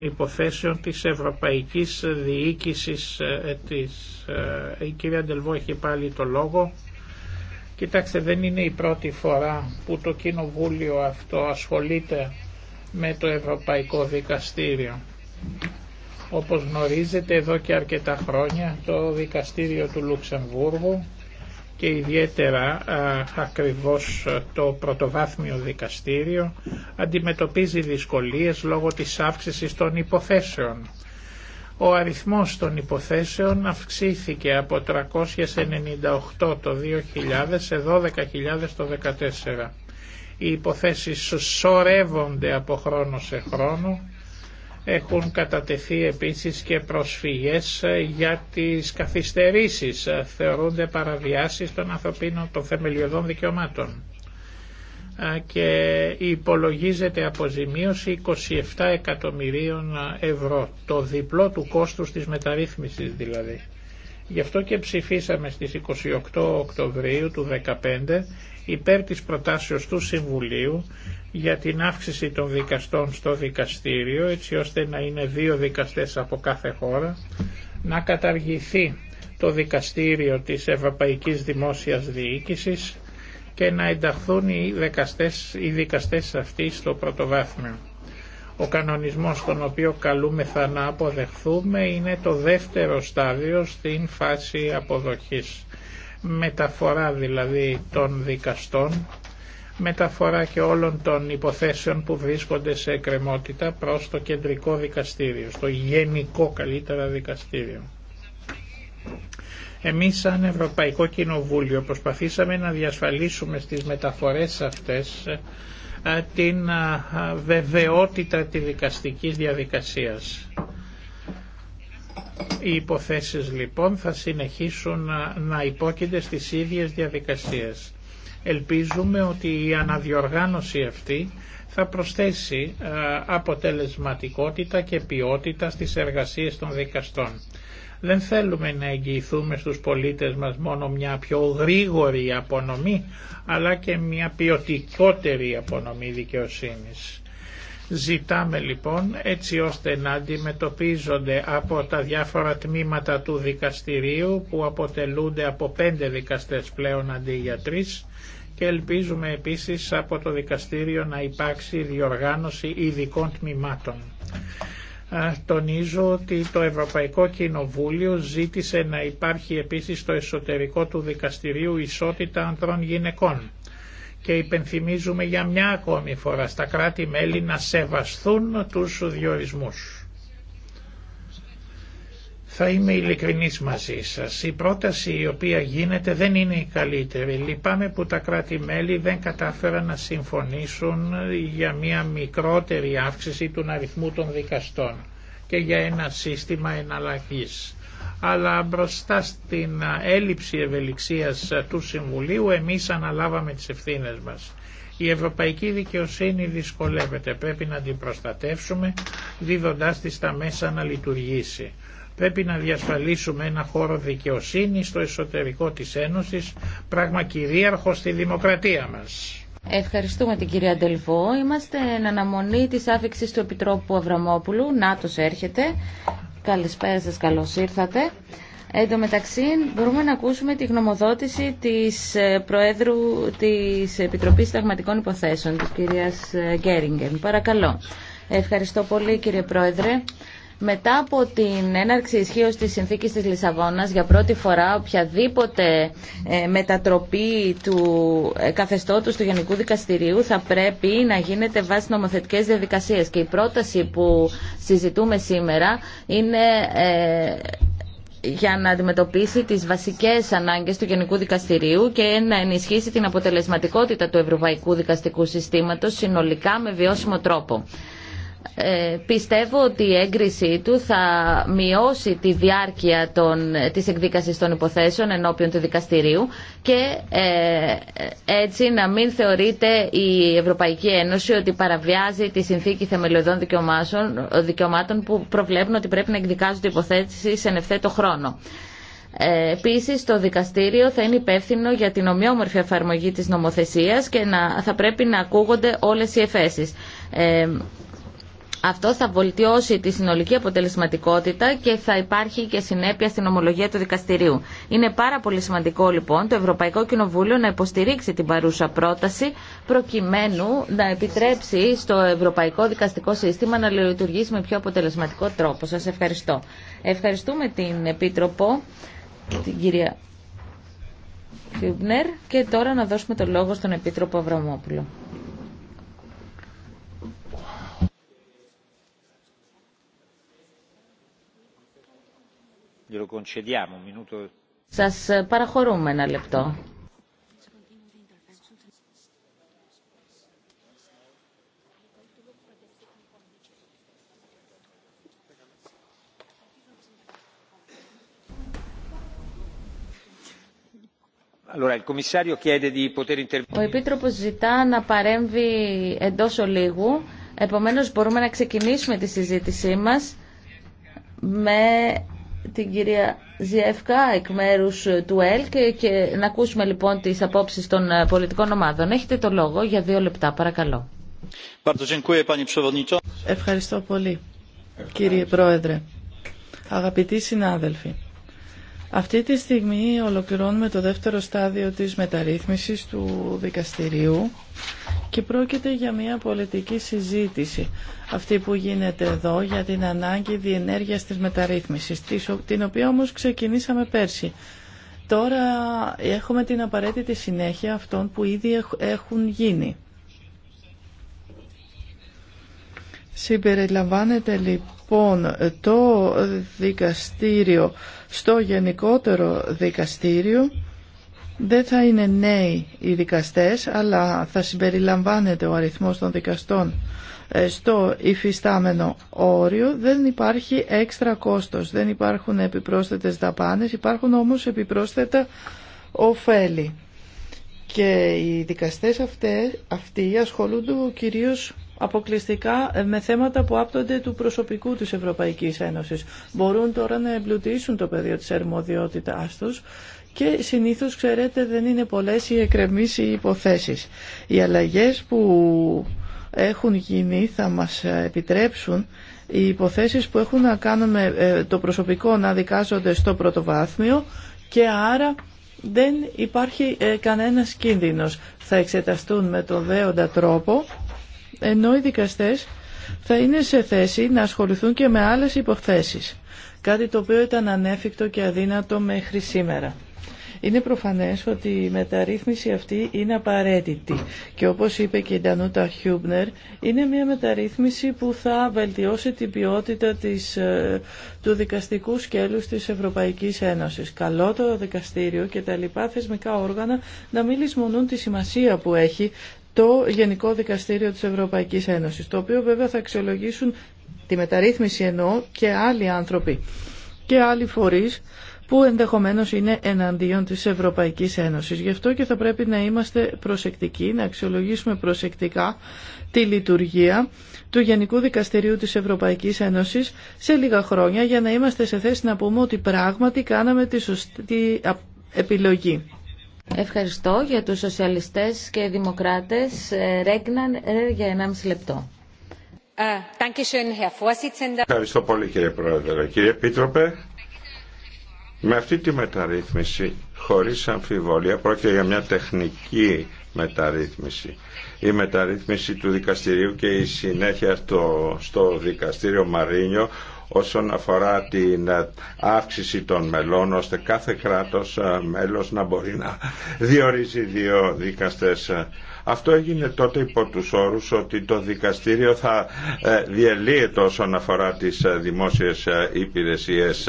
υποθέσεων της Ευρωπαϊκής Διοίκησης ε, της... Ε, η κυρία Ντελβό έχει πάλι το λόγο. Κοιτάξτε, δεν είναι η πρώτη φορά που το Κοινοβούλιο αυτό ασχολείται με το Ευρωπαϊκό Δικαστήριο. Όπως γνωρίζετε εδώ και αρκετά χρόνια το Δικαστήριο του Λουξεμβούργου και ιδιαίτερα ακριβώς το πρωτοβάθμιο δικαστήριο αντιμετωπίζει δυσκολίες λόγω της αύξησης των υποθέσεων. Ο αριθμός των υποθέσεων αυξήθηκε από 398 το 2000 σε 12.000 το 2014. Οι υποθέσεις σωρεύονται από χρόνο σε χρόνο έχουν κατατεθεί επίσης και προσφυγές ε, για τις καθυστερήσεις. Ε, θεωρούνται παραβιάσεις των ανθρωπίνων των θεμελιωδών δικαιωμάτων ε, και υπολογίζεται αποζημίωση 27 εκατομμυρίων ευρώ, το διπλό του κόστους της μεταρρύθμισης δηλαδή. Γι' αυτό και ψηφίσαμε στις 28 Οκτωβρίου του 2015 υπέρ της προτάσεως του Συμβουλίου για την αύξηση των δικαστών στο δικαστήριο έτσι ώστε να είναι δύο δικαστές από κάθε χώρα να καταργηθεί το δικαστήριο της Ευρωπαϊκής Δημόσιας Διοίκησης και να ενταχθούν οι δικαστές, οι δικαστές αυτοί στο πρωτοβάθμιο. Ο κανονισμός τον οποίο καλούμεθα να αποδεχθούμε είναι το δεύτερο στάδιο στην φάση αποδοχής μεταφορά δηλαδή των δικαστών, μεταφορά και όλων των υποθέσεων που βρίσκονται σε εκκρεμότητα προς το κεντρικό δικαστήριο, στο γενικό καλύτερα δικαστήριο. Εμείς σαν Ευρωπαϊκό Κοινοβούλιο προσπαθήσαμε να διασφαλίσουμε στις μεταφορές αυτές ε, την ε, βεβαιότητα της δικαστικής διαδικασίας. Οι υποθέσεις λοιπόν θα συνεχίσουν να, να υπόκεινται στις ίδιες διαδικασίες. Ελπίζουμε ότι η αναδιοργάνωση αυτή θα προσθέσει ε, αποτελεσματικότητα και ποιότητα στις εργασίες των δικαστών. Δεν θέλουμε να εγγυηθούμε στους πολίτες μας μόνο μια πιο γρήγορη απονομή, αλλά και μια ποιοτικότερη απονομή δικαιοσύνης. Ζητάμε λοιπόν έτσι ώστε να αντιμετωπίζονται από τα διάφορα τμήματα του δικαστηρίου που αποτελούνται από πέντε δικαστές πλέον αντί για τρεις και ελπίζουμε επίσης από το δικαστήριο να υπάρξει διοργάνωση ειδικών τμήματων. Τονίζω ότι το Ευρωπαϊκό Κοινοβούλιο ζήτησε να υπάρχει επίσης στο εσωτερικό του δικαστηρίου ισότητα ανδρών γυναικών και υπενθυμίζουμε για μια ακόμη φορά στα κράτη-μέλη να σεβασθούν τους διορισμούς. Θα είμαι ειλικρινής μαζί σας. Η πρόταση η οποία γίνεται δεν είναι η καλύτερη. Λυπάμαι που τα κράτη-μέλη δεν κατάφεραν να συμφωνήσουν για μια μικρότερη αύξηση του αριθμού των δικαστών και για ένα σύστημα εναλλαγής. Αλλά μπροστά στην έλλειψη ευελιξίας του Συμβουλίου εμείς αναλάβαμε τις ευθύνες μας. Η ευρωπαϊκή δικαιοσύνη δυσκολεύεται, πρέπει να την προστατεύσουμε δίδοντάς της τα μέσα να λειτουργήσει. Πρέπει να διασφαλίσουμε ένα χώρο δικαιοσύνη στο εσωτερικό της Ένωσης, πράγμα κυρίαρχο στη δημοκρατία μας. Ευχαριστούμε την κυρία Ντελβό. Είμαστε εν αναμονή της άφηξης του Επιτρόπου Αβραμόπουλου. Νάτος έρχεται. Καλησπέρα σας, καλώς ήρθατε. Εν τω μεταξύ μπορούμε να ακούσουμε τη γνωμοδότηση της ε, Προέδρου της Επιτροπής Σταγματικών Υποθέσεων, της κυρίας ε, Γκέριγκεν. Παρακαλώ. Ευχαριστώ πολύ κύριε Πρόεδρε. Μετά από την έναρξη ισχύω της συνθήκης της Λισαβόνας για πρώτη φορά οποιαδήποτε ε, μετατροπή του ε, καθεστώτος του Γενικού Δικαστηρίου θα πρέπει να γίνεται βάσει νομοθετικές διαδικασίες και η πρόταση που συζητούμε σήμερα είναι ε, για να αντιμετωπίσει τις βασικές ανάγκες του Γενικού Δικαστηρίου και να ενισχύσει την αποτελεσματικότητα του Ευρωπαϊκού Δικαστικού Συστήματος συνολικά με βιώσιμο τρόπο. Ε, πιστεύω ότι η έγκρισή του θα μειώσει τη διάρκεια των, της εκδίκασης των υποθέσεων ενώπιον του δικαστηρίου και ε, έτσι να μην θεωρείται η Ευρωπαϊκή Ένωση ότι παραβιάζει τη συνθήκη θεμελιωδών δικαιωμάτων που προβλέπουν ότι πρέπει να εκδικάζονται υποθέσεις σε το χρόνο. Ε, Επίση, το δικαστήριο θα είναι υπεύθυνο για την ομοιόμορφη εφαρμογή της νομοθεσίας και να, θα πρέπει να ακούγονται όλες οι εφέσεις. Αυτό θα βολτιώσει τη συνολική αποτελεσματικότητα και θα υπάρχει και συνέπεια στην ομολογία του δικαστηρίου. Είναι πάρα πολύ σημαντικό λοιπόν το Ευρωπαϊκό Κοινοβούλιο να υποστηρίξει την παρούσα πρόταση προκειμένου να επιτρέψει στο Ευρωπαϊκό Δικαστικό Σύστημα να λειτουργήσει με πιο αποτελεσματικό τρόπο. Σας ευχαριστώ. Ευχαριστούμε την Επίτροπο, την κυρία Φιούμπνερ και τώρα να δώσουμε το λόγο στον Επίτροπο Αβραμόπουλο. Σας ε, παραχωρούμε ένα λεπτό. Ο Επίτροπος ζητά να παρέμβει εντός ολίγου, επομένως μπορούμε να ξεκινήσουμε τη συζήτησή μας με την κυρία Ζιεύκα εκ μέρου του ΕΛΚ και, να ακούσουμε λοιπόν τι απόψει των ε, πολιτικών ομάδων. Έχετε το λόγο για δύο λεπτά, παρακαλώ. Ευχαριστώ πολύ, κύριε Πρόεδρε. Αγαπητοί συνάδελφοι, αυτή τη στιγμή ολοκληρώνουμε το δεύτερο στάδιο της μεταρρύθμισης του δικαστηρίου και πρόκειται για μια πολιτική συζήτηση αυτή που γίνεται εδώ για την ανάγκη διενέργειας της μεταρρύθμισης την οποία όμως ξεκινήσαμε πέρσι. Τώρα έχουμε την απαραίτητη συνέχεια αυτών που ήδη έχουν γίνει. Συμπεριλαμβάνεται λοιπόν το δικαστήριο στο γενικότερο δικαστήριο δεν θα είναι νέοι οι δικαστές, αλλά θα συμπεριλαμβάνεται ο αριθμός των δικαστών ε, στο υφιστάμενο όριο. Δεν υπάρχει έξτρα κόστος, δεν υπάρχουν επιπρόσθετες δαπάνες, υπάρχουν όμως επιπρόσθετα ωφέλη. Και οι δικαστές αυτές, αυτοί ασχολούνται κυρίως αποκλειστικά ε, με θέματα που άπτονται του προσωπικού της Ευρωπαϊκής Ένωσης. Μπορούν τώρα να εμπλουτίσουν το πεδίο της αρμοδιότητάς τους και συνήθως ξέρετε δεν είναι πολλές οι εκκρεμείς οι υποθέσεις. Οι αλλαγές που έχουν γίνει θα μας επιτρέψουν οι υποθέσεις που έχουν να κάνουν ε, το προσωπικό να δικάζονται στο πρωτοβάθμιο και άρα δεν υπάρχει ε, κανένας κίνδυνος. Θα εξεταστούν με τον δέοντα τρόπο ενώ οι δικαστές θα είναι σε θέση να ασχοληθούν και με άλλες υποθέσεις. Κάτι το οποίο ήταν ανέφικτο και αδύνατο μέχρι σήμερα. Είναι προφανές ότι η μεταρρύθμιση αυτή είναι απαραίτητη και όπως είπε και η Ντανούτα Χιούμπνερ είναι μια μεταρρύθμιση που θα βελτιώσει την ποιότητα της, ε, του δικαστικού σκέλους της Ευρωπαϊκής Ένωσης. Καλό το δικαστήριο και τα λοιπά θεσμικά όργανα να μην λησμονούν τη σημασία που έχει το Γενικό Δικαστήριο της Ευρωπαϊκής Ένωσης, το οποίο βέβαια θα αξιολογήσουν τη μεταρρύθμιση ενώ και άλλοι άνθρωποι και άλλοι φορείς που ενδεχομένως είναι εναντίον της Ευρωπαϊκής Ένωσης. Γι' αυτό και θα πρέπει να είμαστε προσεκτικοί, να αξιολογήσουμε προσεκτικά τη λειτουργία του Γενικού Δικαστηρίου της Ευρωπαϊκής Ένωσης σε λίγα χρόνια για να είμαστε σε θέση να πούμε ότι πράγματι κάναμε τη σωστή επιλογή. Ευχαριστώ για τους σοσιαλιστές και δημοκράτες. Ε, Ρέγναν ε, για 1,5 λεπτό. Ε, Ευχαριστώ πολύ κύριε Πρόεδρε. Κύριε Επίτροπε, με αυτή τη μεταρρύθμιση, χωρίς αμφιβολία, πρόκειται για μια τεχνική μεταρρύθμιση. Η μεταρρύθμιση του δικαστηρίου και η συνέχεια στο, στο δικαστήριο Μαρίνιο όσον αφορά την αύξηση των μελών ώστε κάθε κράτος ε, μέλος να μπορεί να διορίζει δύο δίκαστες αυτό έγινε τότε υπό τους όρους ότι το δικαστήριο θα ε, διαλύεται όσον αφορά τις ε, δημόσιες ε, υπηρεσίες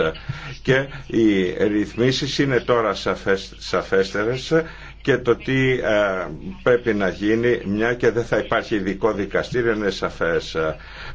και οι ρυθμίσεις είναι τώρα σαφές, σαφέστερες και το τι ε, πρέπει να γίνει μια και δεν θα υπάρχει ειδικό δικαστήριο είναι σαφές.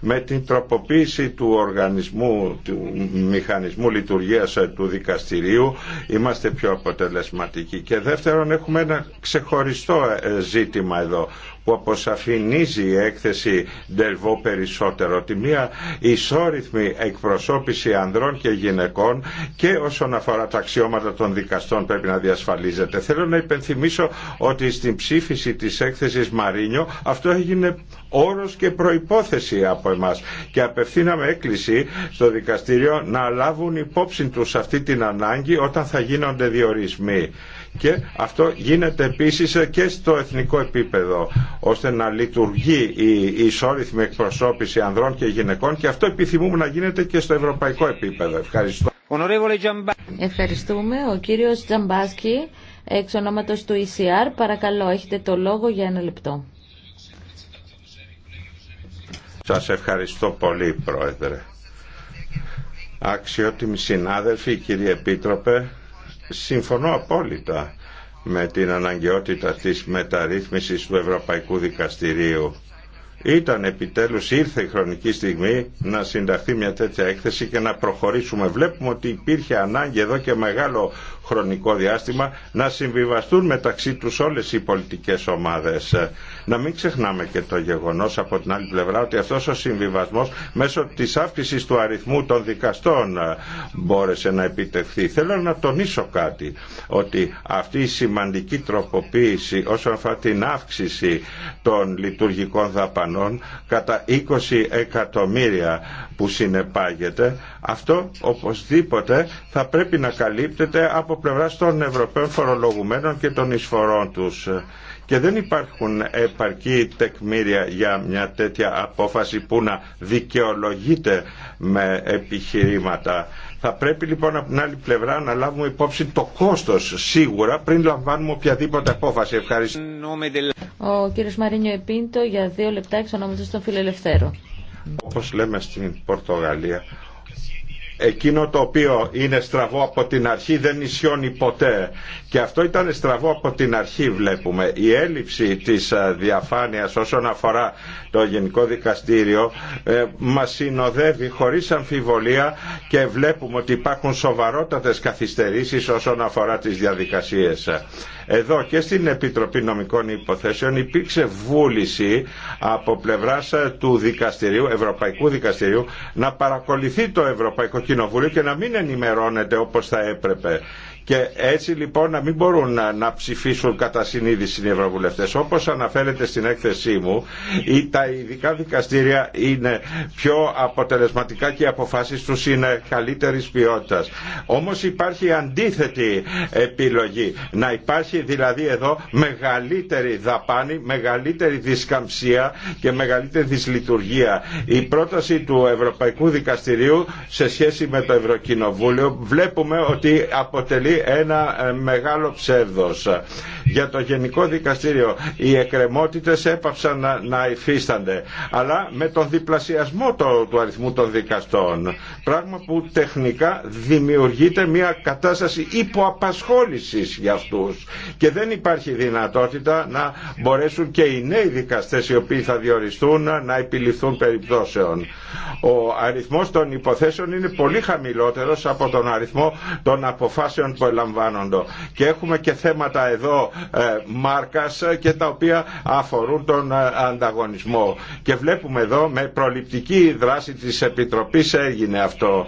Με την τροποποίηση του οργανισμού, του μηχανισμού λειτουργίας ε, του δικαστηρίου είμαστε πιο αποτελεσματικοί. Και δεύτερον έχουμε ένα ξεχωριστό ε, ζήτημα εδώ που αποσαφηνίζει η έκθεση Ντελβό περισσότερο ότι μία ισόρυθμη εκπροσώπηση ανδρών και γυναικών και όσον αφορά τα αξιώματα των δικαστών πρέπει να διασφαλίζεται. Θέλω να υπενθυμίσω ότι στην ψήφιση της έκθεσης Μαρίνιο αυτό έγινε όρος και προϋπόθεση από εμάς και απευθύναμε έκκληση στο δικαστήριο να λάβουν υπόψη τους αυτή την ανάγκη όταν θα γίνονται διορισμοί και αυτό γίνεται επίσης και στο εθνικό επίπεδο ώστε να λειτουργεί η ισόρυθμη εκπροσώπηση ανδρών και γυναικών και αυτό επιθυμούμε να γίνεται και στο ευρωπαϊκό επίπεδο. Ευχαριστώ. Ευχαριστούμε. Ο κύριος Τζαμπάσκι, εξ ονόματος του ECR, παρακαλώ, έχετε το λόγο για ένα λεπτό. Σας ευχαριστώ πολύ, Πρόεδρε. Αξιότιμοι συνάδελφοι, κύριε Επίτροπε, Συμφωνώ απόλυτα με την αναγκαιότητα της μεταρρύθμισης του Ευρωπαϊκού Δικαστηρίου. Ήταν επιτέλους, ήρθε η χρονική στιγμή να συνταχθεί μια τέτοια έκθεση και να προχωρήσουμε. Βλέπουμε ότι υπήρχε ανάγκη εδώ και μεγάλο χρονικό διάστημα να συμβιβαστούν μεταξύ τους όλες οι πολιτικές ομάδες. Να μην ξεχνάμε και το γεγονός από την άλλη πλευρά ότι αυτός ο συμβιβασμός μέσω της αύξησης του αριθμού των δικαστών μπόρεσε να επιτευχθεί. Θέλω να τονίσω κάτι, ότι αυτή η σημαντική τροποποίηση όσον αφορά την αύξηση των λειτουργικών δαπανών κατά 20 εκατομμύρια που συνεπάγεται αυτό οπωσδήποτε θα πρέπει να καλύπτεται από πλευρά των Ευρωπαίων φορολογουμένων και των εισφορών τους. Και δεν υπάρχουν επαρκή τεκμήρια για μια τέτοια απόφαση που να δικαιολογείται με επιχειρήματα. Θα πρέπει λοιπόν από την άλλη πλευρά να λάβουμε υπόψη το κόστος σίγουρα πριν λαμβάνουμε οποιαδήποτε απόφαση. Ευχαριστώ. Ο κύριος Μαρίνιο Επίντο για δύο λεπτά εξ στον των Όπως λέμε στην Πορτογαλία, εκείνο το οποίο είναι στραβό από την αρχή δεν ισιώνει ποτέ. Και αυτό ήταν στραβό από την αρχή βλέπουμε. Η έλλειψη της διαφάνειας όσον αφορά το Γενικό Δικαστήριο ε, μας συνοδεύει χωρίς αμφιβολία και βλέπουμε ότι υπάρχουν σοβαρότατες καθυστερήσεις όσον αφορά τις διαδικασίες. Εδώ και στην Επιτροπή Νομικών Υποθέσεων υπήρξε βούληση από πλευράς του δικαστηρίου, Ευρωπαϊκού Δικαστηρίου να παρακολουθεί το Ευρωπαϊκό και να μην ενημερώνεται όπως θα έπρεπε. Και έτσι λοιπόν να μην μπορούν να, να ψηφίσουν κατά συνείδηση οι Ευρωβουλευτές. Όπως αναφέρεται στην έκθεσή μου, τα ειδικά δικαστήρια είναι πιο αποτελεσματικά και οι αποφάσεις τους είναι καλύτερης ποιότητας. Όμως υπάρχει αντίθετη επιλογή. Να υπάρχει δηλαδή εδώ μεγαλύτερη δαπάνη, μεγαλύτερη δισκαμψία και μεγαλύτερη δυσλειτουργία. Η πρόταση του Ευρωπαϊκού Δικαστηρίου σε σχέση με το Ευρωκοινοβούλιο βλέπουμε ότι αποτελεί ένα ε, μεγάλο ψεύδος. Για το Γενικό Δικαστήριο οι εκκρεμότητες έπαψαν να, να υφίστανται, αλλά με τον διπλασιασμό του αριθμού των δικαστών, πράγμα που τεχνικά δημιουργείται μια κατάσταση υποαπασχόλησης για αυτούς και δεν υπάρχει δυνατότητα να μπορέσουν και οι νέοι δικαστές οι οποίοι θα διοριστούν να επιληφθούν περιπτώσεων. Ο αριθμός των υποθέσεων είναι πολύ χαμηλότερος από τον αριθμό των αποφάσεων προελαμβάνοντο. Και έχουμε και θέματα εδώ ε, μάρκας ε, και τα οποία αφορούν τον ε, ανταγωνισμό. Και βλέπουμε εδώ με προληπτική δράση της Επιτροπής έγινε αυτό.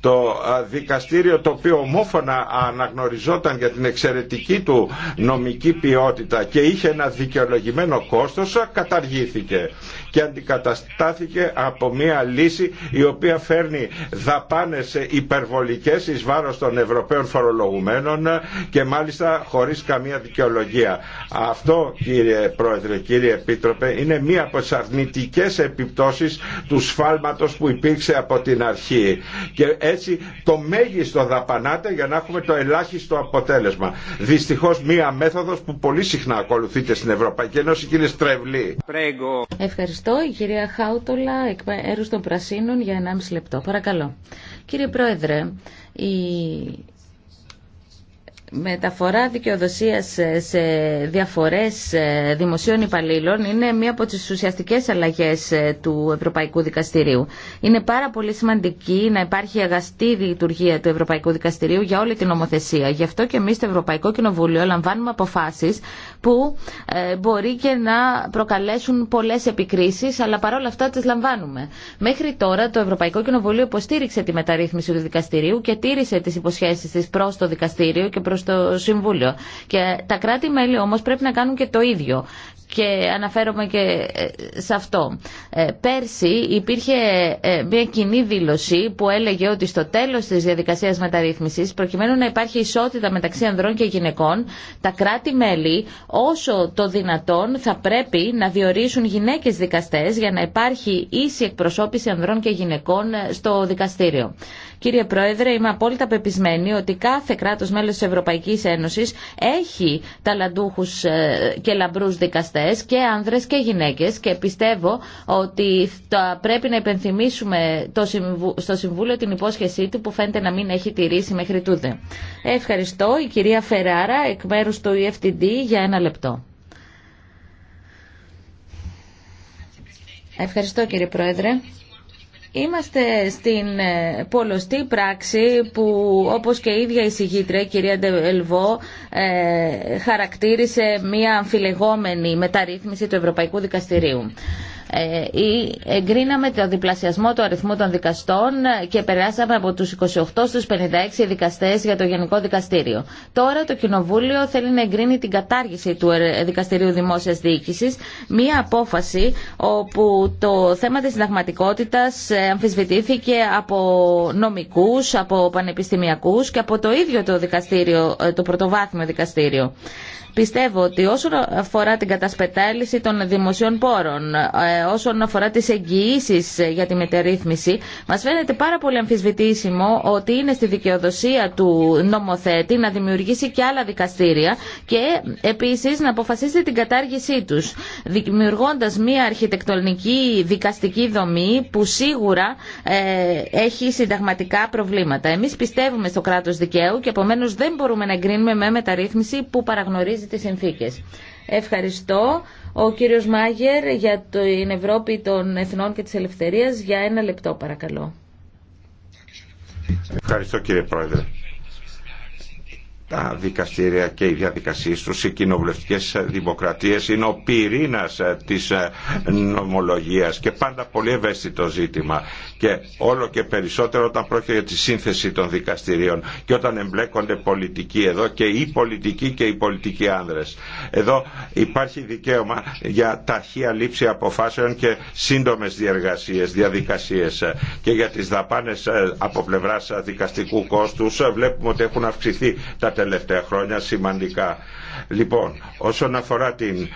Το δικαστήριο το οποίο ομόφωνα αναγνωριζόταν για την εξαιρετική του νομική ποιότητα και είχε ένα δικαιολογημένο κόστος καταργήθηκε και αντικαταστάθηκε από μια λύση η οποία φέρνει δαπάνες υπερβολικές εις βάρος των Ευρωπαίων φορολογουμένων και μάλιστα χωρίς καμία δικαιολογία. Αυτό κύριε Πρόεδρε, κύριε Επίτροπε, είναι μία από τις αρνητικές επιπτώσεις του σφάλματος που υπήρξε από την αρχή. Και έτσι το μέγιστο δαπανάτε για να έχουμε το ελάχιστο αποτέλεσμα. Δυστυχώς μία μέθοδος που πολύ συχνά ακολουθείται στην Ευρωπαϊκή Ένωση, είναι Στρεβλή. Ευχαριστώ. Ευχαριστώ. Η κυρία Χάουτολα, εκ μέρου των Πρασίνων, για 1,5 λεπτό. Παρακαλώ. Κύριε Πρόεδρε, η μεταφορά δικαιοδοσία σε διαφορέ ε, δημοσίων υπαλλήλων είναι μία από τι ουσιαστικέ αλλαγέ ε, του Ευρωπαϊκού Δικαστηρίου. Είναι πάρα πολύ σημαντική να υπάρχει αγαστή λειτουργία του Ευρωπαϊκού Δικαστηρίου για όλη την νομοθεσία. Γι' αυτό και εμεί στο Ευρωπαϊκό Κοινοβούλιο λαμβάνουμε αποφάσει που ε, μπορεί και να προκαλέσουν πολλές επικρίσεις, αλλά παρόλα αυτά τις λαμβάνουμε. Μέχρι τώρα το Ευρωπαϊκό Κοινοβούλιο υποστήριξε τη μεταρρύθμιση του δικαστηρίου και τήρησε τις υποσχέσεις της προς το δικαστήριο και προς το Συμβούλιο. Και τα κράτη-μέλη όμως πρέπει να κάνουν και το ίδιο και αναφέρομαι και ε, σε αυτό. Ε, πέρσι υπήρχε ε, μια κοινή δήλωση που έλεγε ότι στο τέλος της διαδικασίας μεταρρύθμισης προκειμένου να υπάρχει ισότητα μεταξύ ανδρών και γυναικών τα κράτη-μέλη όσο το δυνατόν θα πρέπει να διορίσουν γυναίκες δικαστές για να υπάρχει ίση εκπροσώπηση ανδρών και γυναικών στο δικαστήριο. Κύριε Πρόεδρε, είμαι απόλυτα πεπισμένη ότι κάθε κράτος μέλος της Ευρωπαϊκής Ένωσης έχει ταλαντούχους και λαμπρούς δικαστές και άνδρες και γυναίκες και πιστεύω ότι θα πρέπει να υπενθυμίσουμε το στο Συμβούλιο την υπόσχεσή του που φαίνεται να μην έχει τηρήσει μέχρι τούτε. Ευχαριστώ η κυρία Φεράρα εκ μέρους του EFTD για ένα λεπτό. Ευχαριστώ κύριε Πρόεδρε. Είμαστε στην ε, πολλωστή πράξη που όπως και η ίδια η συγγήτρια η κυρία Ντεβελβό ε, χαρακτήρισε μια αμφιλεγόμενη μεταρρύθμιση του Ευρωπαϊκού Δικαστηρίου. Ε, ή εγκρίναμε το διπλασιασμό του αριθμού των δικαστών ε, και περάσαμε από τους 28 στους 56 δικαστές για το Γενικό Δικαστήριο. Τώρα το Κοινοβούλιο θέλει να εγκρίνει την κατάργηση του ε, Δικαστηρίου Δημόσιας Διοίκησης, μία απόφαση όπου το θέμα της συνταγματικότητας αμφισβητήθηκε από νομικούς, από πανεπιστημιακούς και από το ίδιο το δικαστήριο, το πρωτοβάθμιο δικαστήριο. Πιστεύω ότι όσον αφορά την κατασπετάληση των δημοσίων πόρων, ε, όσον αφορά τις εγγυήσει για τη μετερρύθμιση, μας φαίνεται πάρα πολύ αμφισβητήσιμο ότι είναι στη δικαιοδοσία του νομοθέτη να δημιουργήσει και άλλα δικαστήρια και επίσης να αποφασίσει την κατάργησή τους, δημιουργώντας μία αρχιτεκτονική δικαστική δομή που σίγουρα ε, έχει συνταγματικά προβλήματα. Εμείς πιστεύουμε στο κράτος δικαίου και επομένω δεν μπορούμε να εγκρίνουμε με μεταρρύθμιση που παραγνωρίζει τις συνθήκες. Ευχαριστώ. Ο κύριος Μάγερ για την Ευρώπη των Εθνών και της Ελευθερίας για ένα λεπτό παρακαλώ. Ευχαριστώ κύριε Πρόεδρε τα δικαστήρια και οι διαδικασίες τους, οι κοινοβουλευτικές δημοκρατίες είναι ο πυρήνας της ε, νομολογίας και πάντα πολύ ευαίσθητο ζήτημα και όλο και περισσότερο όταν πρόκειται για τη σύνθεση των δικαστηρίων και όταν εμπλέκονται πολιτικοί εδώ και οι πολιτικοί και οι πολιτικοί άνδρες. Εδώ υπάρχει δικαίωμα για ταχεία λήψη αποφάσεων και σύντομες διεργασίες, διαδικασίες και για τις δαπάνες ε, από πλευράς δικαστικού κόστους ε, βλέπουμε ότι έχουν αυξηθεί τα τελευταία τελευταία χρόνια σημαντικά. Λοιπόν, όσον αφορά την,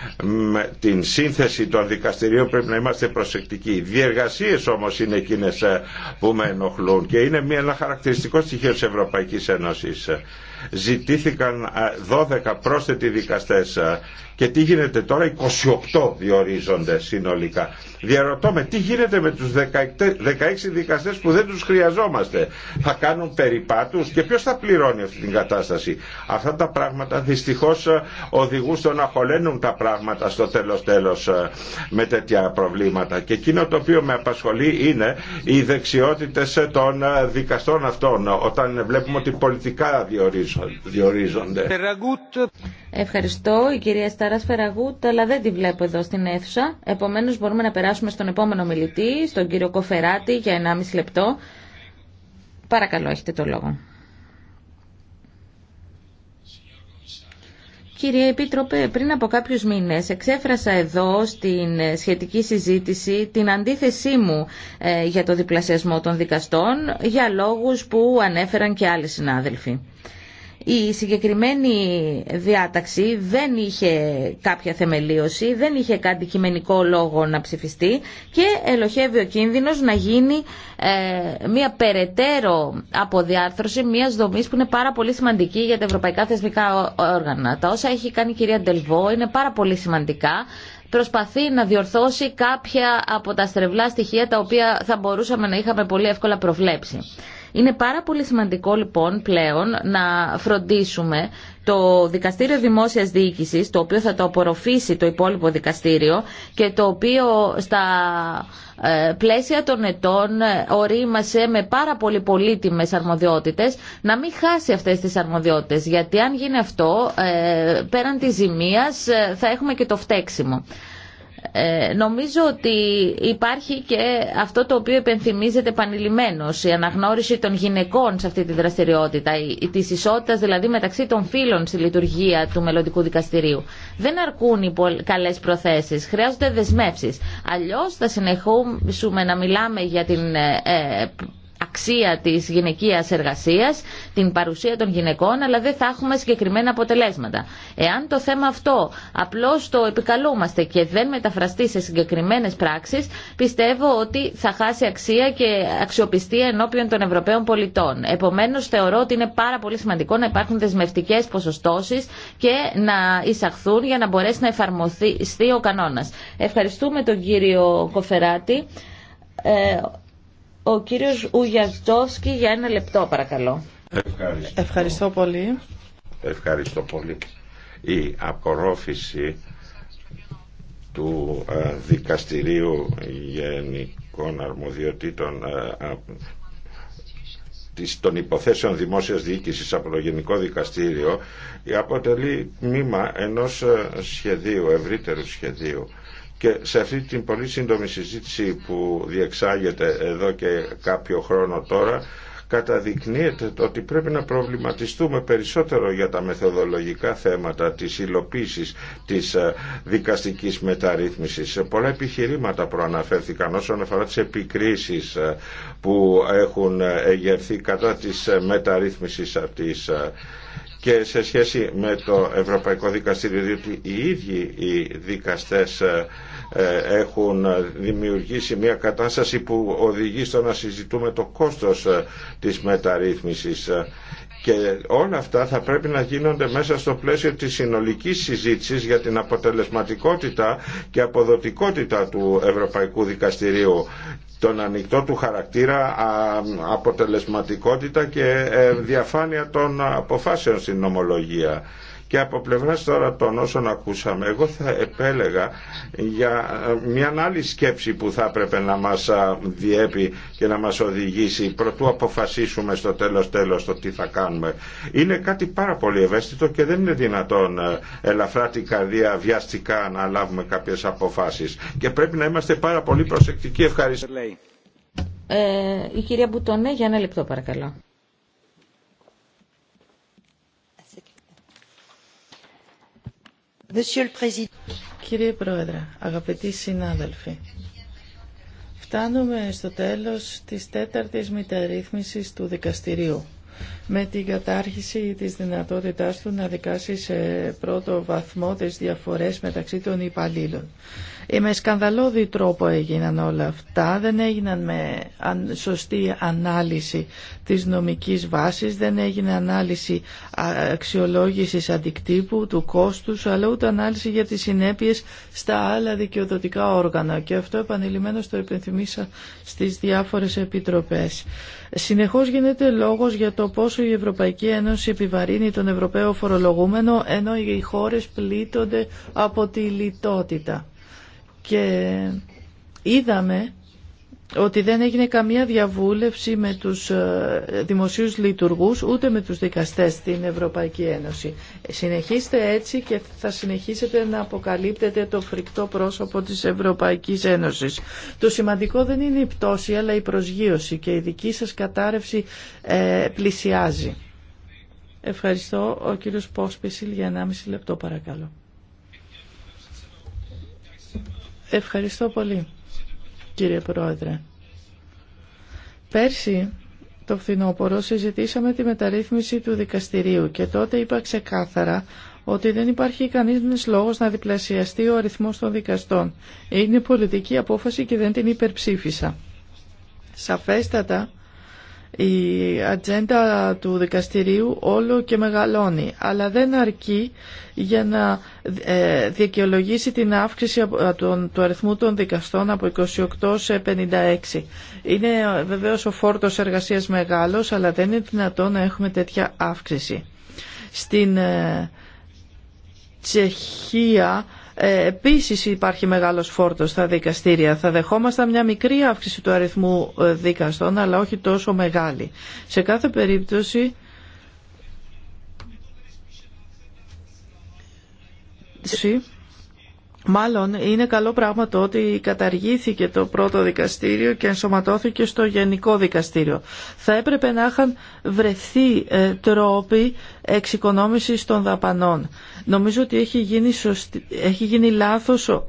την σύνθεση των δικαστηρίων πρέπει να είμαστε προσεκτικοί. Οι διεργασίες όμως είναι εκείνες ε, που με ενοχλούν και είναι μια, ένα χαρακτηριστικό στοιχείο της Ευρωπαϊκής Ένωσης. Ζητήθηκαν 12 ε, πρόσθετοι δικαστές ε, και τι γίνεται τώρα, 28 διορίζονται συνολικά. Διαρωτώ με τι γίνεται με τους 16 δικαστές που δεν τους χρειαζόμαστε. Θα κάνουν περιπάτους και ποιος θα πληρώνει αυτή την κατάσταση. Αυτά τα πράγματα δυστυχώς ε, οδηγούν στο να χωλένουν τα πράγματα στο τέλος τέλος ε, με τέτοια προβλήματα. Και εκείνο το οποίο με απασχολεί είναι οι δεξιότητες ε, των δικαστών αυτών όταν βλέπουμε ότι πολιτικά διορίζονται. Ευχαριστώ. Η κυρία Σταρά Φεραγούτ, αλλά δεν τη βλέπω εδώ στην αίθουσα. Επομένω μπορούμε να περάσουμε στον επόμενο μιλητή, στον κύριο Κοφεράτη, για 1,5 λεπτό. Παρακαλώ, έχετε το λόγο. Κύριε Επίτροπε, πριν από κάποιους μήνες εξέφρασα εδώ στην σχετική συζήτηση την αντίθεσή μου ε, για το διπλασιασμό των δικαστών για λόγους που ανέφεραν και άλλοι συνάδελφοι. Η συγκεκριμένη διάταξη δεν είχε κάποια θεμελίωση, δεν είχε κάτι λόγο να ψηφιστεί και ελοχεύει ο κίνδυνος να γίνει ε, μια περαιτέρω αποδιάρθρωση μιας δομής που είναι πάρα πολύ σημαντική για τα ευρωπαϊκά θεσμικά όργανα. Τα όσα έχει κάνει η κυρία Ντελβό είναι πάρα πολύ σημαντικά προσπαθεί να διορθώσει κάποια από τα στρεβλά στοιχεία τα οποία θα μπορούσαμε να είχαμε πολύ εύκολα προβλέψει. Είναι πάρα πολύ σημαντικό λοιπόν πλέον να φροντίσουμε το Δικαστήριο Δημόσιας Διοίκησης, το οποίο θα το απορροφήσει το υπόλοιπο δικαστήριο και το οποίο στα ε, πλαίσια των ετών ε, ορίμασε με πάρα πολύ πολύτιμες αρμοδιότητες να μην χάσει αυτές τις αρμοδιότητες γιατί αν γίνει αυτό ε, πέραν της ζημίας θα έχουμε και το φταίξιμο. Ε, νομίζω ότι υπάρχει και αυτό το οποίο επενθυμίζεται πανηλημένως, η αναγνώριση των γυναικών σε αυτή τη δραστηριότητα, τη ισότητα δηλαδή μεταξύ των φίλων στη λειτουργία του μελλοντικού δικαστηρίου. Δεν αρκούν οι καλές προθέσεις, χρειάζονται δεσμεύσεις. Αλλιώς θα συνεχίσουμε να μιλάμε για την ε, ε, αξία της γυναικείας εργασίας, την παρουσία των γυναικών, αλλά δεν θα έχουμε συγκεκριμένα αποτελέσματα. Εάν το θέμα αυτό απλώς το επικαλούμαστε και δεν μεταφραστεί σε συγκεκριμένες πράξεις, πιστεύω ότι θα χάσει αξία και αξιοπιστία ενώπιον των Ευρωπαίων πολιτών. Επομένως, θεωρώ ότι είναι πάρα πολύ σημαντικό να υπάρχουν δεσμευτικές ποσοστώσεις και να εισαχθούν για να μπορέσει να εφαρμοστεί ο κανόνας. Ευχαριστούμε τον κύριο Κοφεράτη. Ε, ο κύριος Ουγιαζτόφσκι για ένα λεπτό παρακαλώ. Ευχαριστώ. πολύ. Ευχαριστώ πολύ. Η απορρόφηση του ε, Δικαστηρίου Γενικών Αρμοδιοτήτων ε, των υποθέσεων δημόσιας διοίκησης από το Γενικό Δικαστήριο αποτελεί μήμα ενός ε, σχεδίου, ευρύτερου σχεδίου και σε αυτή την πολύ σύντομη συζήτηση που διεξάγεται εδώ και κάποιο χρόνο τώρα, καταδεικνύεται το ότι πρέπει να προβληματιστούμε περισσότερο για τα μεθοδολογικά θέματα της υλοποίηση της ε, δικαστικής μεταρρύθμισης. Πολλά επιχειρήματα προαναφέρθηκαν όσον αφορά τις επικρίσεις ε, που έχουν ε, εγερθεί κατά της μεταρρύθμισης αυτής και σε σχέση με το Ευρωπαϊκό Δικαστήριο διότι οι ίδιοι οι δικαστές ε, ε, έχουν δημιουργήσει μια κατάσταση που οδηγεί στο να συζητούμε το κόστος ε, της μεταρρύθμισης και όλα αυτά θα πρέπει να γίνονται μέσα στο πλαίσιο της συνολικής συζήτησης για την αποτελεσματικότητα και αποδοτικότητα του Ευρωπαϊκού Δικαστηρίου τον ανοιχτό του χαρακτήρα, αποτελεσματικότητα και ε, διαφάνεια των ε, αποφάσεων στην νομολογία. Και από πλευρά τώρα των όσων ακούσαμε, εγώ θα επέλεγα για ε, μια άλλη σκέψη που θα έπρεπε να μας ε, διέπει και να μας οδηγήσει προτού αποφασίσουμε στο τέλος τέλος το τι θα κάνουμε. Είναι κάτι πάρα πολύ ευαίσθητο και δεν είναι δυνατόν ε, ελαφρά την καρδία βιαστικά να λάβουμε κάποιες αποφάσεις. Και πρέπει να είμαστε πάρα πολύ προσεκτικοί. Ευχαριστώ. Ε, η κυρία Μπουτονέ για ένα λεπτό παρακαλώ. Κύριε Πρόεδρε, αγαπητοί συνάδελφοι, φτάνουμε στο τέλος της τέταρτης μεταρρύθμισης του δικαστηρίου με την κατάρχηση της δυνατότητάς του να δικάσει σε πρώτο βαθμό τις διαφορές μεταξύ των υπαλλήλων. Ε, με σκανδαλώδη τρόπο έγιναν όλα αυτά, δεν έγιναν με σωστή ανάλυση της νομικής βάσης, δεν έγινε ανάλυση αξιολόγησης αντικτύπου, του κόστους, αλλά ούτε ανάλυση για τις συνέπειες στα άλλα δικαιοδοτικά όργανα. Και αυτό επανειλημμένως το υπενθυμίσα στις διάφορες επιτροπές. Συνεχώς γίνεται λόγος για το πόσο η Ευρωπαϊκή Ένωση επιβαρύνει τον Ευρωπαίο φορολογούμενο ενώ οι χώρες πλήττονται από τη λιτότητα. Και είδαμε ότι δεν έγινε καμία διαβούλευση με τους ε, δημοσίους λειτουργούς ούτε με τους δικαστές στην Ευρωπαϊκή Ένωση. Συνεχίστε έτσι και θα συνεχίσετε να αποκαλύπτετε το φρικτό πρόσωπο της Ευρωπαϊκής Ένωσης. Το σημαντικό δεν είναι η πτώση αλλά η προσγείωση και η δική σας κατάρρευση ε, πλησιάζει. Ευχαριστώ. Ο κύριος Πόσπισιλ για 1,5 λεπτό παρακαλώ. Ευχαριστώ πολύ κύριε Πρόεδρε. Πέρσι το φθινόπωρο συζητήσαμε τη μεταρρύθμιση του δικαστηρίου και τότε είπα ξεκάθαρα ότι δεν υπάρχει κανείς λόγος να διπλασιαστεί ο αριθμός των δικαστών. Είναι πολιτική απόφαση και δεν την υπερψήφισα. Σαφέστατα η ατζέντα του δικαστηρίου όλο και μεγαλώνει, αλλά δεν αρκεί για να ε, δικαιολογήσει την αύξηση ε, του αριθμού των δικαστών από 28 σε 56. Είναι ε, βεβαίως ο φόρτος εργασίας μεγάλος, αλλά δεν είναι δυνατό να έχουμε τέτοια αύξηση. Στην Τσεχία ε, Επίση, υπάρχει μεγάλος φόρτος στα δικαστήρια. Θα δεχόμασταν μια μικρή αύξηση του αριθμού ε, δικαστών, αλλά όχι τόσο μεγάλη. Σε κάθε περίπτωση... Μάλλον είναι καλό πράγμα το ότι καταργήθηκε το πρώτο δικαστήριο και ενσωματώθηκε στο γενικό δικαστήριο. Θα έπρεπε να είχαν βρεθεί ε, τρόποι εξοικονόμησης των δαπανών. Νομίζω ότι έχει γίνει, έχει γίνει λάθος ο...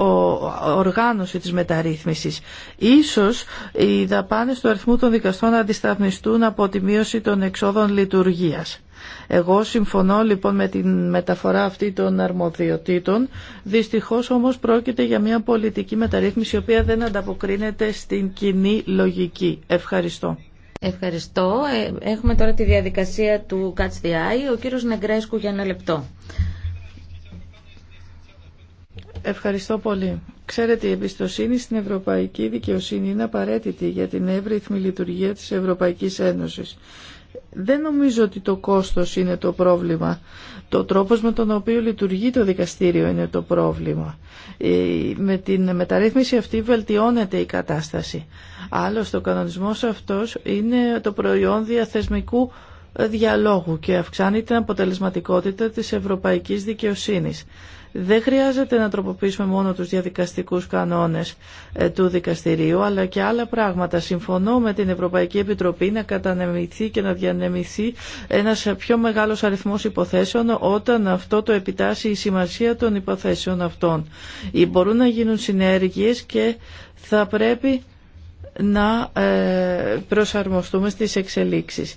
οργάνωση της μεταρρύθμισης. Ίσως οι δαπάνες του αριθμού των δικαστών αντισταθμιστούν από τη μείωση των εξόδων λειτουργίας. Εγώ συμφωνώ λοιπόν με την μεταφορά αυτή των αρμοδιοτήτων. Δυστυχώς όμως πρόκειται για μια πολιτική μεταρρύθμιση η οποία δεν ανταποκρίνεται στην κοινή λογική. Ευχαριστώ. Ευχαριστώ. Ε, έχουμε τώρα τη διαδικασία του Catch the Eye. Ο κύριος Νεγκρέσκου για ένα λεπτό. Ευχαριστώ πολύ. Ξέρετε, η εμπιστοσύνη στην ευρωπαϊκή δικαιοσύνη είναι απαραίτητη για την εύρυθμη λειτουργία της Ευρωπαϊκής Ένωσης. Δεν νομίζω ότι το κόστος είναι το πρόβλημα. Το τρόπος με τον οποίο λειτουργεί το δικαστήριο είναι το πρόβλημα. Ε, με την μεταρρύθμιση αυτή βελτιώνεται η κατάσταση. Άλλωστε ο κανονισμός αυτός είναι το προϊόν διαθεσμικού διαλόγου και αυξάνει την αποτελεσματικότητα της ευρωπαϊκής δικαιοσύνης. Δεν χρειάζεται να τροποποιήσουμε μόνο τους διαδικαστικούς κανόνες ε, του δικαστηρίου, αλλά και άλλα πράγματα. Συμφωνώ με την Ευρωπαϊκή Επιτροπή να κατανεμηθεί και να διανεμηθεί ένας πιο μεγάλος αριθμός υποθέσεων όταν αυτό το επιτάσσει η σημασία των υποθέσεων αυτών. Μπορούν να γίνουν συνέργειες και θα πρέπει να ε, προσαρμοστούμε στις εξελίξεις.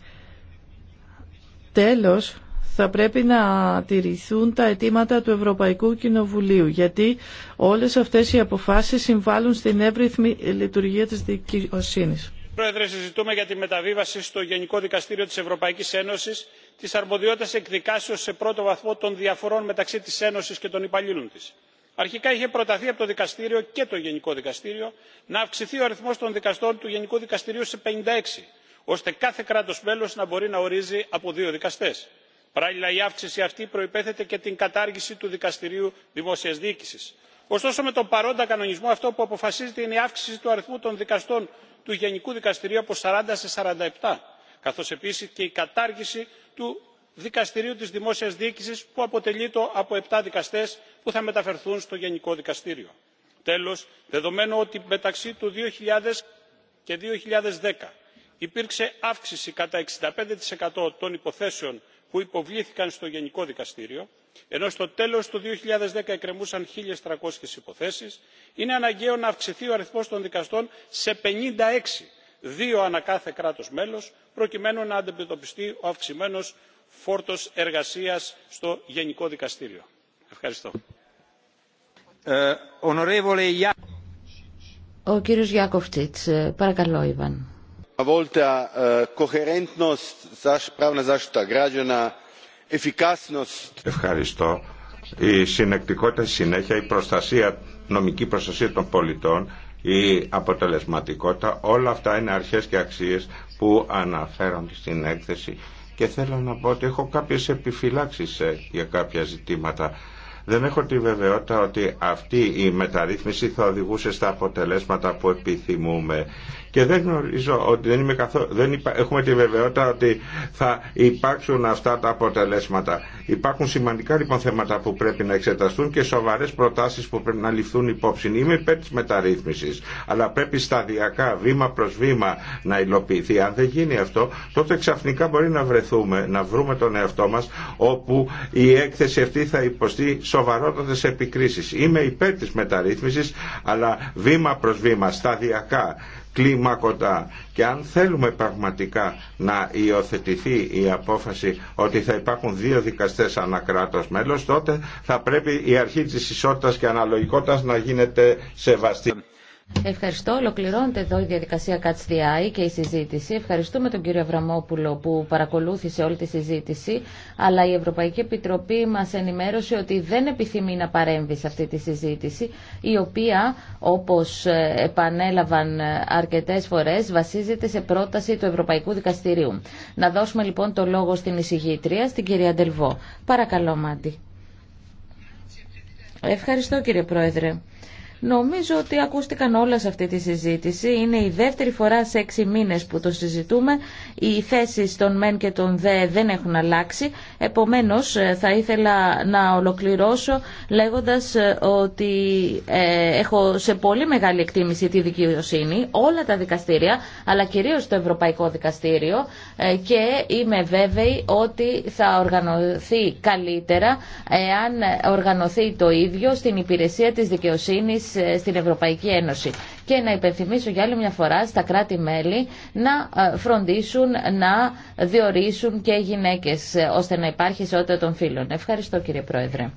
Τέλος, θα πρέπει να τηρηθούν τα αιτήματα του Ευρωπαϊκού Κοινοβουλίου γιατί όλες αυτές οι αποφάσεις συμβάλλουν στην εύρυθμη λειτουργία της δικαιοσύνης. Πρόεδρε, συζητούμε για τη μεταβίβαση στο Γενικό Δικαστήριο της Ευρωπαϊκής Ένωσης της αρμοδιότητας εκδικάσεως σε πρώτο βαθμό των διαφορών μεταξύ της Ένωσης και των υπαλλήλων της. Αρχικά είχε προταθεί από το Δικαστήριο και το Γενικό Δικαστήριο να αυξηθεί ο αριθμός των δικαστών του Γενικού Δικαστηρίου σε 56, ώστε κάθε κράτος μέλος να μπορεί να ορίζει από δύο δικαστές παράλληλα η αύξηση αυτή προϋπέθεται και την κατάργηση του δικαστηρίου δημόσιας διοίκησης. ωστόσο με τον παρόντα κανονισμό αυτό που αποφασίζεται είναι η αύξηση του αριθμού των δικαστών του γενικού δικαστηρίου από 40 σε 47 καθώς επίσης και η κατάργηση του δικαστηρίου της δημόσιας διοίκησης που αποτελείται από 7 δικαστές που θα μεταφερθούν στο γενικό δικαστήριο. τέλος δεδομένου ότι μεταξύ του 2000 και 2010 υπήρξε αύξηση κατά 65% των υποθέσεων που υποβλήθηκαν στο γενικό δικαστήριο ενώ στο τέλος του 2010 εκκρεμούσαν 1.300 υποθέσεις, είναι αναγκαίο να αυξηθεί ο αριθμός των δικαστών σε 56, δύο ανά κάθε κράτος μέλος, προκειμένου να αντιμετωπιστεί ο αυξημένος φόρτος εργασίας στο Γενικό Δικαστήριο. Ευχαριστώ. Ε, ο κύριος ε, Παρακαλώ, Eh, Ευχαριστώ. Η συνεκτικότητα, στη συνέχεια, η προστασία, νομική προστασία των πολιτών, η αποτελεσματικότητα, όλα αυτά είναι αρχές και αξίες που αναφέρονται στην έκθεση και θέλω να πω ότι έχω κάποιες επιφυλάξεις ε, για κάποια ζητήματα. Δεν έχω τη βεβαιότητα ότι αυτή η μεταρρύθμιση θα οδηγούσε στα αποτελέσματα που επιθυμούμε και δεν γνωρίζω ότι δεν, είμαι καθό... δεν υπα... έχουμε τη βεβαιότητα ότι θα υπάρξουν αυτά τα αποτελέσματα. Υπάρχουν σημαντικά λοιπόν θέματα που πρέπει να εξεταστούν και σοβαρέ προτάσει που πρέπει να ληφθούν υπόψη. Είμαι υπέρ τη μεταρρύθμιση, αλλά πρέπει σταδιακά, βήμα προ βήμα να υλοποιηθεί. Αν δεν γίνει αυτό, τότε ξαφνικά μπορεί να βρεθούμε, να βρούμε τον εαυτό μα όπου η έκθεση αυτή θα υποστεί σοβαρότατε επικρίσει. Είμαι υπέρ τη μεταρρύθμιση, αλλά βήμα προ βήμα, σταδιακά κλίμακοτα και αν θέλουμε πραγματικά να υιοθετηθεί η απόφαση ότι θα υπάρχουν δύο δικαστές κράτος μέλος τότε θα πρέπει η αρχή της ισότητας και αναλογικότητας να γίνεται σεβαστή. Ευχαριστώ. Ολοκληρώνεται εδώ η διαδικασία ΚΑΤΣΤΙΑΗ και η συζήτηση. Ευχαριστούμε τον κύριο Αβραμόπουλο που παρακολούθησε όλη τη συζήτηση, αλλά η Ευρωπαϊκή Επιτροπή μας ενημέρωσε ότι δεν επιθυμεί να παρέμβει σε αυτή τη συζήτηση, η οποία, όπως επανέλαβαν αρκετές φορέ, βασίζεται σε πρόταση του Ευρωπαϊκού Δικαστηρίου. Να δώσουμε λοιπόν το λόγο στην εισηγήτρια, στην κυρία Ντελβό. Παρακαλώ, Μάντι. Ευχαριστώ κύριε Πρόεδρε. Νομίζω ότι ακούστηκαν όλα σε αυτή τη συζήτηση. Είναι η δεύτερη φορά σε έξι μήνες που το συζητούμε. Οι θέσει των ΜΕΝ και των ΔΕ δεν έχουν αλλάξει. Επομένως, ε, θα ήθελα να ολοκληρώσω λέγοντας ε, ότι ε, έχω σε πολύ μεγάλη εκτίμηση τη δικαιοσύνη, όλα τα δικαστήρια, αλλά κυρίως το Ευρωπαϊκό Δικαστήριο και είμαι βέβαιη ότι θα οργανωθεί καλύτερα εάν οργανωθεί το ίδιο στην υπηρεσία της δικαιοσύνης ε, στην Ευρωπαϊκή Ένωση. Και να υπενθυμίσω για άλλη μια φορά στα κράτη-μέλη να ε, φροντίσουν να διορίσουν και γυναίκες ε, ώστε να υπάρχει ισότητα των φίλων. Ευχαριστώ κύριε Πρόεδρε.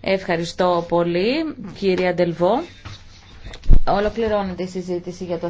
Ευχαριστώ πολύ κύριε Αντελβό. Ολοκληρώνεται η συζήτηση για το